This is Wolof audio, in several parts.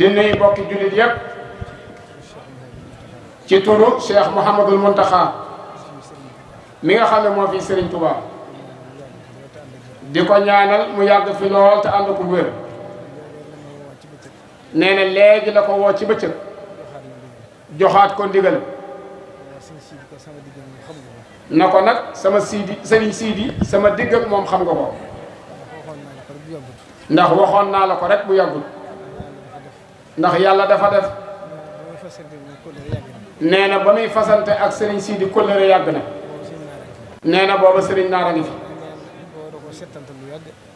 di nuyu mbokki jullit yépp ci turu Cheikh Mouhamadul Mountakha mi nga xam ne moo fi Serigne Touba di ko ñaanal mu yàgg fi lool te ànd ko wér nee na léegi la ko woo ci bëccëg joxaat ko ndigal na ko nag sama siidi Serigne siidi sama digg moom xam nga ko ndax waxoon naa la ko rek bu yàggul. ndax yàlla dafa def nee na ba nuy fasante ak sëriñ Sidi kóllëre yàgg na nee na booba sëriñ naara ngi fi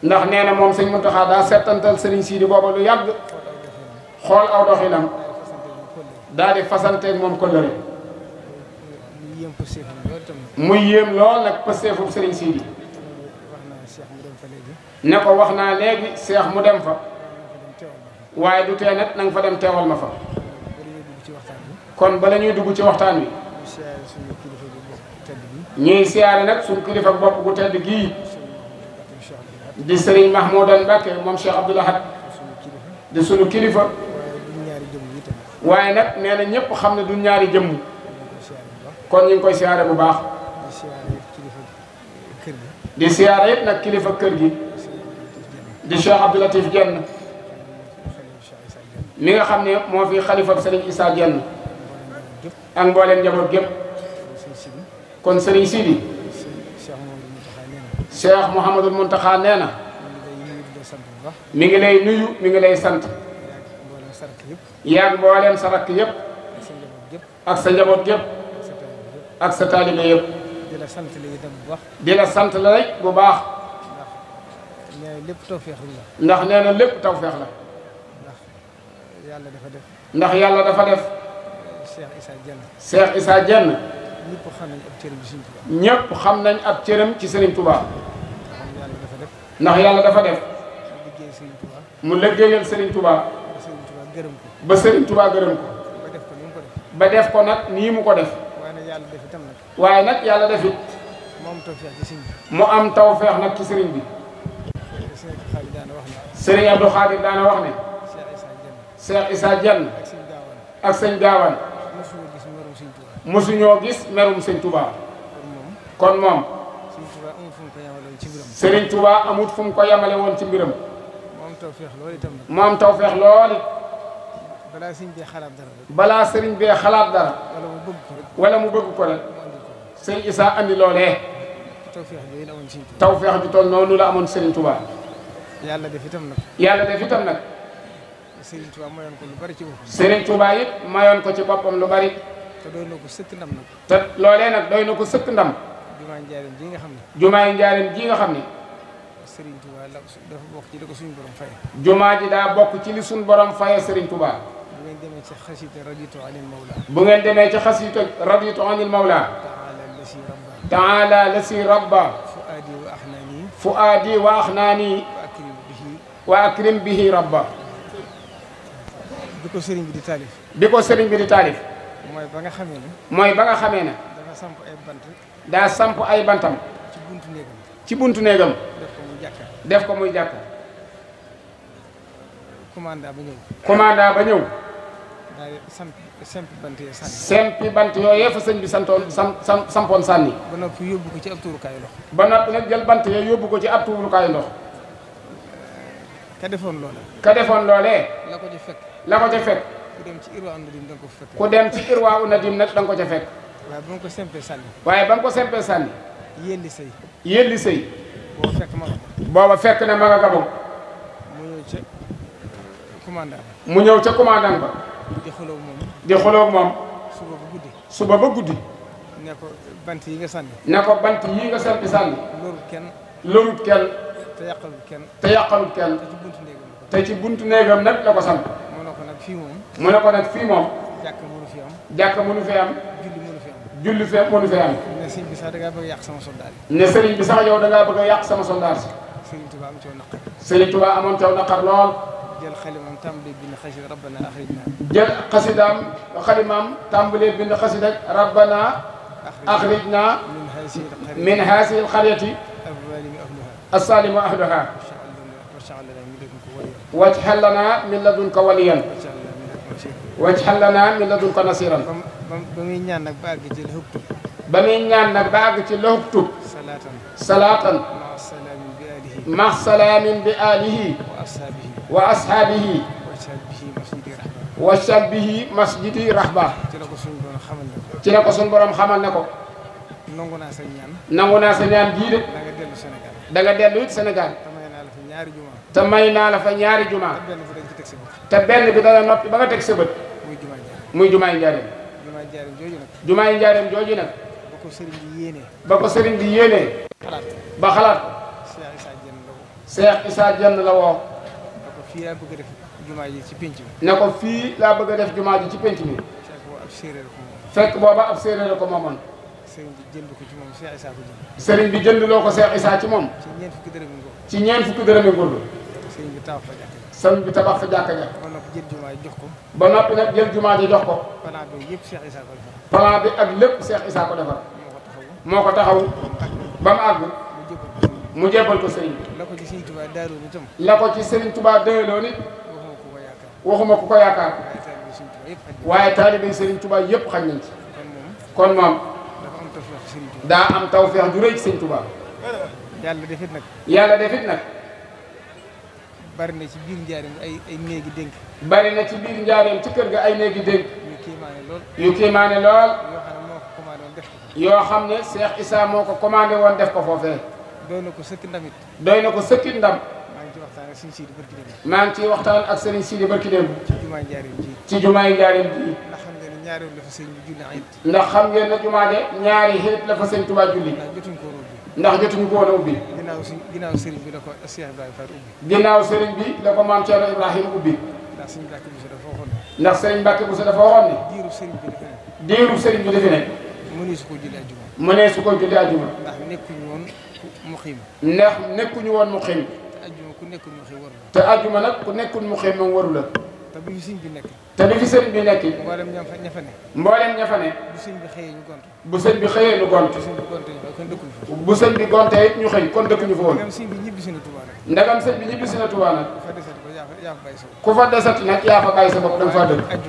ndax nee na moom sëñ Muntaxa daa settantal sëriñ Sidi booba lu yàgg xool aw doxinam daal di fasanteeg moom kóllëre muy yéem lool nag pësteefub sëriñ Sidi ne ko wax naa léegi seex mu dem fa waaye du tee nag na nga fa dem teewal ma fa. kon bala ñuy dugg ci waxtaan wi. ñuy siyaare nag suñu kilifa bopp gu tedd gii. di Serigne Mahmoudan Mbacke moom Cheikh Abdoul Ahad di suñu kilifa. waaye nag nee na ñëpp xam ne du ñaari jëmm. kon ñu koy siyaare bu baax. di siyaare it nag kilifa kër gi. di Cheikh Abdou Latif mi nga xam ne moo fi xalifab sëriñ Issa Diène ak mbooleem njaboot gépp kon sëriñ Sidi Cheikh Mouhamadul Mountakha nee na mi ngi lay nuyu mi ngi lay sant yaag mbooleem sa rakk yëpp ak sa njaboot yëpp ak sa taalibe yëpp di la sant la itam bu baax di la sant la bu baax ndax nee na lépp tawfeex la yàlla dafa def. ndax yàlla dafa def. Cheikh Issa Diène. Cheikh Issa Diène. ñëpp xam nañ ab cëram ci Serigne Touba. ñëpp xam nañ ab cëram ci Serigne Touba. ndax yàlla dafa def. mu liggéeyal Serigne Touba. ba Serigne Touba gërëm ko. ba def ko nag nii mu ko def. waaye nag yàlla def it. mu am tawfeex ci sëriñ bi. mu am tawfeex nag ci sëriñ bi. Serigne Abdou Khadir daana wax ne. Cheikh Issa Diagne ak sëñ Gaawaan mosuñoo gis merum sëñ Touba kon moom sëriñ Touba amut fu mu ko yamale woon ci mbiram mu am tawfeex lool balaa sëriñ bee xalaat dara balaa sëriñ bee xalaat dara wala mu bëgg ko rek sëñ Issa andi loolee tawfeex ju toll noonu la amoon sëriñ Touba yàlla def itam nag yàlla def itam nag Serigne Touba mayoon ko lu bari ci boppam. Serigne Touba it mayoon ko ci boppam lu bari. te doy na ko sëkk ndam nag. te loolee nag doy na ko sëkk ndam. jumaay njaareem ji nga xam ne. jumaay njaareem ji nga xam ne. Serigne Touba la dafa bokk ko suñu borom faye. jumaa ji daa bokk ci li suñu borom faye Serigne Touba. bu ngeen demee ci xasida raditu anil mawla. bu ngeen demee ci xasida raditu anil mawla. taala lasi rabba. fuaadi wa axnaani. fuaadi wa axnaani. wa akrim bihi rabba. bi ko sëriñ bi di taalif. bi ko sëriñ bi di taalif. mooy ba nga xamee ne. mooy ba nga xamee ne. dafa samp ay bant. daa samp ay bantam. ci buntu néegam. ci buntu néegam. def ko muy jàkka. def ko muy jàkka. commanda ba ñëw. commanda ba ñëw. daal di samp samp bant yee samp bant yooyee fa sëñ bi santoon sam sam sampoon sànni. ba noppi yóbbu ko ci ab tuurukaayu ndox. ba noppi jël bant yee yóbbu ko ci ab tuurukaayu ndox. ka defoon loolee. ka defoon loolee. la ko ci fekk. la ko ca fekk. ku dem ci irwaa nadim da nga ko fekk. ku dem ci irwaa nadim nag da nga ko ca fekk. waaye ba nga ko sempee sànni. waaye ba nga ko sempee sànni. yéeli sëy. yéeli sëy. booba fekk ma nga booba fekk ne ma nga gabon. mu ñëw ca commandant ba. mu ñëw ca commandant ba. di xuloo moom. di xuloo moom. suba ba guddi. suba ba guddi. ne ko bant yi nga sànni. ne ko bant yi nga sànni sànni. lorut kenn. lorut kenn. te yàqalul kenn. te yàqalul kenn. te ci buntu néegam nag la ko sànni. fii moom. mu ne ko nag fii moom. jàkk mënu fi am. jàkk mënu fi am. julli mënu fi am. julli fi mënu fi am. ne sëriñ bi sax da ngaa bëgg a yàq sama soldaar yi. ne sëriñ bi sax yow da ngaa bëgg a yàq sama soldaar si. sëriñ Tuubaa am coow naqar. sëriñ Tuubaa amoon coow naqar lool. jël xalimaam tàmbalee bind xasida rabbana axrijna. jël xasidaam xalimaam tàmbalee bind xasida rabbana axrijna min haasi alxaryati assaalimu ahluha waj'al lana min ladunka waliyan wajhal lanaa min ladunka nasiiran. ba ba muy ñaan nag ba àgg ci la hub ci la hub tub. salaatan. ma salaamin bi aalihi. wa ashaabihi. wa ashaabihi. wa shabbihi masjidi rahba. ci la ko sunu borom xamal ne ko. ci la ko sunu borom xamal ne ko. nangu naa sa ñaan. nangu naa sa ñaan jii de. da dellu Sénégal. da te benn bi dana noppi ba nga teg sa bët. muy jumaay njaareem. jumaay njaareem jooju nag. jumaay njaareem jooju nag. ba ko sëriñ bi yéenee. ba xalaat ko. Seex Isaa Jeen la woo. ne ko fii laa bëgg a def ne ko fii laa bëgg def jumaa ji ci penc mi. fekk booba ab séeréer ko moomoon. sëriñ bi jënd ko ci moom Seex Isaa ko jënd. sëriñ bi jëndloo ko Seex Isaa ci moom. ci ñeent fukki dërëmi ngóor. ci ñeent fukki dërëmi sëriñ bi tabax fa jàkka ja. ba noppi jël ko. ba noppi nag jël jox ko. plan bi yëpp Cheikh Issa ko defar. plan bi ak lépp Cheikh Issa ko defar. moo ko taxaw. ba mu àgg. mu jébbal ko sëriñ la ko ci sëriñ Touba delloo ni tam. la ko ci sëriñ Touba delloo ni. ku ko yaakaar. waaye taalibe sëriñ Touba yëpp xañ nañ ci. kon moom. daa am tawfeex ju rëy ci tubaa Touba. yàlla defit nag. yàlla defit nag. bari na ci biir njaareem na ci biir njaareem ci kër ga ay néegi dénk. yu kiimaane lool. yu kiimaane lool. yoo xam ne Cheikh Issa moo ko commandé woon def ko foofee. doy na ko sëkki ndam it. doy na ko sëkki ndam. maa ngi ciy waxtaan ak Serigne Sidi Barki Demba. ci jumaay njaareem ji. ci jumaay njaareem ji. ndax xam ngeen ne jumaa de ñaari xeet la fa sëñ Tuubaa julli. ndax jotuñu ko woon a ubbi. ginnaaw si ginnaaw sëriñ bi la ko Cheikh Ibrahima Fall ubbi. ginnaaw sëriñ bi la ko maam Thierno ubbi. ndax sëriñ Mbacke Bousso dafa waxoon ne. ndax sëriñ Mbacke Bousso dafa waxoon ne. diiru sëriñ bi dafa ne. diiru sëriñ bi dafa ne. mënee su ko julli àjjuma. mënee su ko julli àjjuma. ndax nekkuñu woon muqim. ndax nekkuñu woon muqim. te àjjuma ku nekkul muqim waru la. te àjjuma nag ku nekkul muqim moom waru te bi fi sëriñ bi nekk. te bi fi sëriñ bi nekk. mboolem ña fa ña fa ne. mboolem ña fa ne. bu sëriñ bi xëyee ñu gont. bu sëriñ bi xëyee ñu gont. bu sëriñ bi gontee ñu xëy kon dëkkuñu fa woon. ndegam sëriñ bi si na Tuubaa nag. ndegam sëriñ bi ñibbisi na Tuubaa nag. ku fa desati nag yaa fa bàyyi sa bopp da faa dëkk.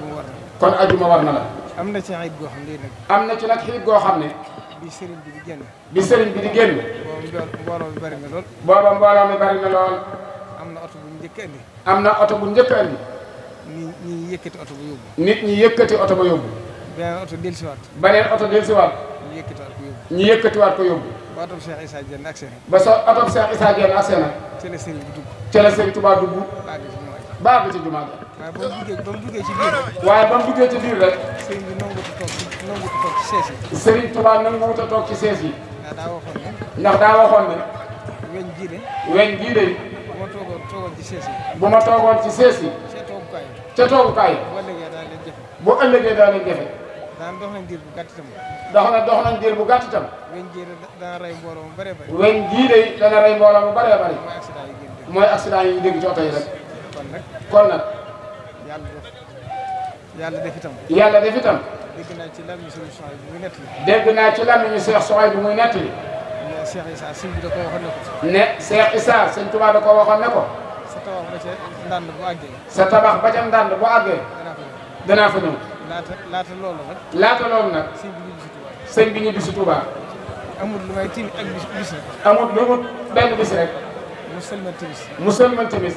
kon war na la. am na ci nag xiit goo xam ne. am na ci nag xiit goo xam ne. bi sëriñ bi di génn. bi sëriñ bi di génn. mbooloo mi bari na lool. booba na lool. am na oto bu njëkk am na oto bu njëkk nit ñi yëkkati oto ba yóbbu. nit ñi yëkkati oto ba yóbbu. beneen oto dellusiwaat. beneen oto dellusiwaat. ñu yëkkatiwaat ko yóbbu. ko yóbbu. ba oto Cheikh Issa Diène ak seen. ba sa oto Cheikh Issa Diène ak seen. ca bi dugg. ca la sëriñ Tuubaa dugg. baagu ci jumaa waaye ba mu duggee ci biir waaye ba mu duggee ci biir rek. sëriñ bi nanguwut a toog ci nanguwut a toog ci sees yi. a toog ci sees yi. ndax daa waxoon ne. ndax daa waxoon ne. weñ gii de. weñ gii de. bu ma toogoon toogoon ci sees yi. bu ma toogoon ci sees yi. ca toogukaay bu ëllëgee daa leen jafe. daan dox nañ diir bu gàtt itam. dox na dox nañ diir bu gàtt itam. weñ jii dana rey mbooloo mu bëree bëri. weñ jii de dana rey mbooloo mu bëree bëri. mooy accident yi ñu dégg ci oto yi rek. kon nag kon nag. yàlla def yàlla def itam. yàlla def itam. dégg naa ci làmmiñu Seex Suhaybu bi muy nettali. dégg naa ci làmmiñu Seex Suhaybu bi muy nettali. ne Seex Isaa sëñ bi da ko waxoon ne ko. ne Seex Isaa ko waxoon ne ko. sa tabax ba ca ndànd bu àggee. sa tabax ba ca ndànd bu àggee. danaa fa ñëw. laata laata loolu nag. laata loolu nag. sëñ bi ñu bisu Touba. amul lu may tiim ak bis rek. mu benn bis rek. musulman timis. musulman timis.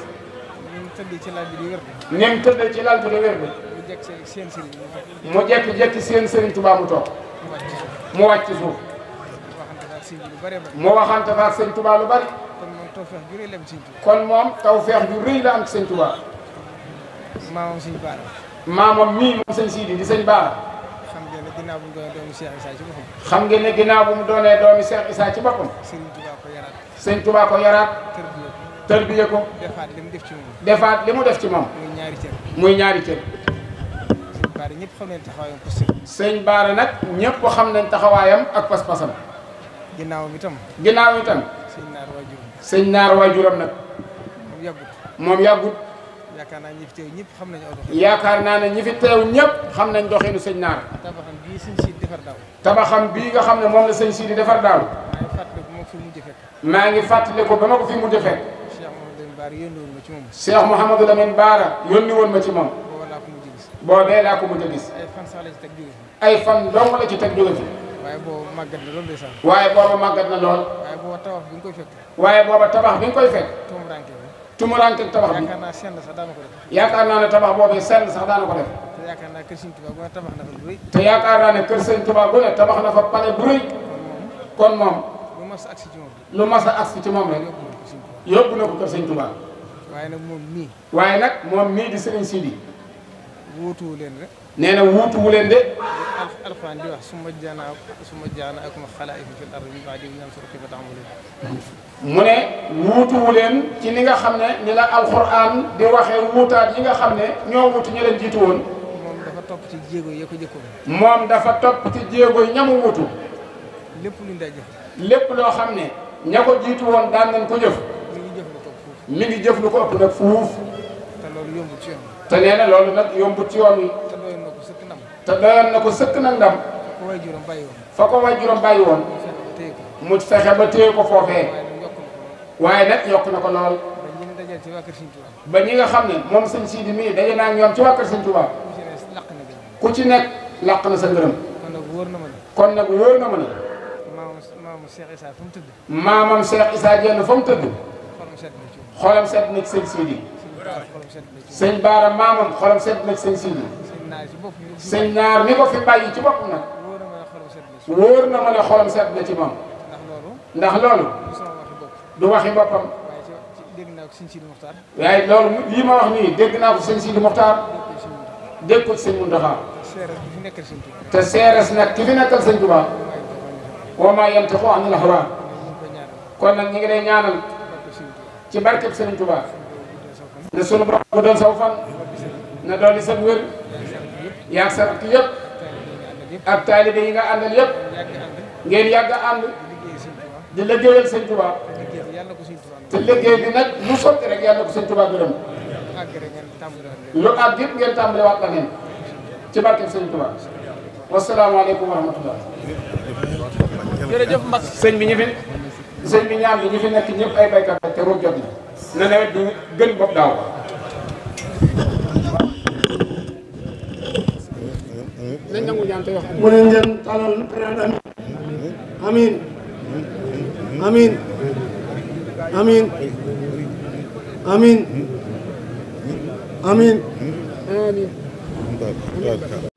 ci lal bi di wér. ñu ngi tëddee ci lal bi di wér. mu jekk seen sëriñ mu jekk jekk seen sëriñ Touba mu toog. mu wàcc suuf. mu waxante ak sëñ Touba lu bari. kon moom tawfeex ju rëy la kon moom tawfeex ju rëy la am sëñ Tuubaa. maamam sëñ Baara. maamam mii moom sëñ Sidi di sëñ Baara. xam ngeen ne ginnaaw bu mu doonee doomi Cheikh Issa ci boppam. xam ngeen ne ginnaaw bu mu doonee doomi Cheikh Issa ci boppam. sëñ Tuubaa ko yaraat. sëñ Tuubaa ko yaraat. tërbiye ko. defaat li mu def ci moom. muy ñaari cër. muy ñaari cër. sëñ Baara ñëpp xam nañ taxawaayam pas-pasam. Baara nag ñëpp xam nañ taxawaayam ak pas-pasam. ginnaaw bi tam. ginnaaw bi tam. sëñ naar waajuram nag. moom yàggut. moom yàggut. yaakaar naa ñi fi teew ñëpp xam nañ aw doxin. yaakaar naa ne ñi fi teew ñëpp xam nañ doxinu sëñ naar. tabaxam bii sëñ si defar daaw. tabaxam bii nga xam ne moom la sëñ si di defar daaw. maa ngi fàttali ko ba ma ko fi mujj fekk. Cheikh Mouhamadul Amin Baara yónni woon ma ci moom. boobee laa ko mujj a gis. ay fan dong la ci teg jóge fi. waaye booba màggat na lool de waaye booba màggat na lool. waaye booba tabax bi waaye booba tabax bi nga koy fekk. tumuranke bi tumuranke tabax bi. yaakaar naa senn sax daana ko def. yaakaar naa ne tabax boobu senn sax daana ko def. te yaakaar naa kër Sëñ Tuubaa bu ne tabax na fa bu rëy. te yaakaar naa ne kër Sëñ Tuubaa bu ne tabax fa pare bu rëy. kon moom. lu mas a agsi ci moom rek. lu mas ci moom rek. yóbbu na ko kër Sëñ Tuubaa. waaye nag moom mii. waaye nag moom mii di Sëriñ Sidi wuutuwu leen de. nee na wuutuwu leen de. alxuraan di wax summa jaanaa summa jaanaakum xalaa'ifa fil ardi min ba'dihim fansuru kayfa ta'maluun mu ne wuutuwu leen ci li nga xam ne ni la alxuraan di waxee wuutaat yi nga xam ne ñoo wuutu ñu leen jiitu woon. moom dafa topp ci jéego yi ko jëkkoon. moom dafa topp ti jéego yi ñamu wuutu. lépp luñ daa jëf. lépp loo xam ne ña ko jiitu woon daan nañ ko jëf. mi ngi jëf lu ko ëpp nag fuuf. loolu yombut te nee na loolu nag yombut ci yoon yi. te doyoon na ko sëkk ndam. te doyoon na ko sëkk na ndam. fa ko waajuram bàyyi woon. fa ko waajuram bàyyi woon. mu fexe ba téye ko foofee. waaye nag yokk na ko lool. ba ñi nga xam ne moom sëñ Sidi mii daje naa ñoom ci waa Kër Sëñ Tuubaa. ku ci nekk làq na sa ngërëm. kon nag wóor na ma ne. kon nag wóor na ma ne. maamam Cheikh Issa fa mu tëdd. maamam Cheikh Issa Diène fa mu tëdd. xolam set na ci sëñ sëñ Baara maamam xolam set na sëñ Sidi sëñ Naar mi ko fi bàyyi ci bopp nag wóor na ma la xolam sedd na ci moom ndax loolu du waxi boppam waaye loolu lii ma wax nii dégg naa ko sëñ Sidi Muxtaar dégg ko sëñ Muntaxa te si nag ki fi nekkal sëñ Tuubaa wa maa yantiqu anil hawaa kon nag ñu ngi lay ñaanal ci barkeb sëñ Tuubaa ne sunu borom ko doon saw fan na dolli sa wér yaag sa rakk yëpp ak taalibe yi nga àndal yëpp ngeen yàgg ànd di liggéeyal sëñ Tuubaa te liggéey bi nag lu sotti rek yàlla ko sëñ Tuubaa gërëm lu àgg it ngeen tàmbale waat la neen ci barke sëñ Tuubaa wasalaamaaleykum wa rahmatullah jërëjëf Mbacke sëñ bi ñu fi sëñ bi ñaan bi ñu fi nekk ñëpp ay baykat te ruuj na nawet bi gën bopp daaw mu ne ngeen talal président amin amin amin amin amin amin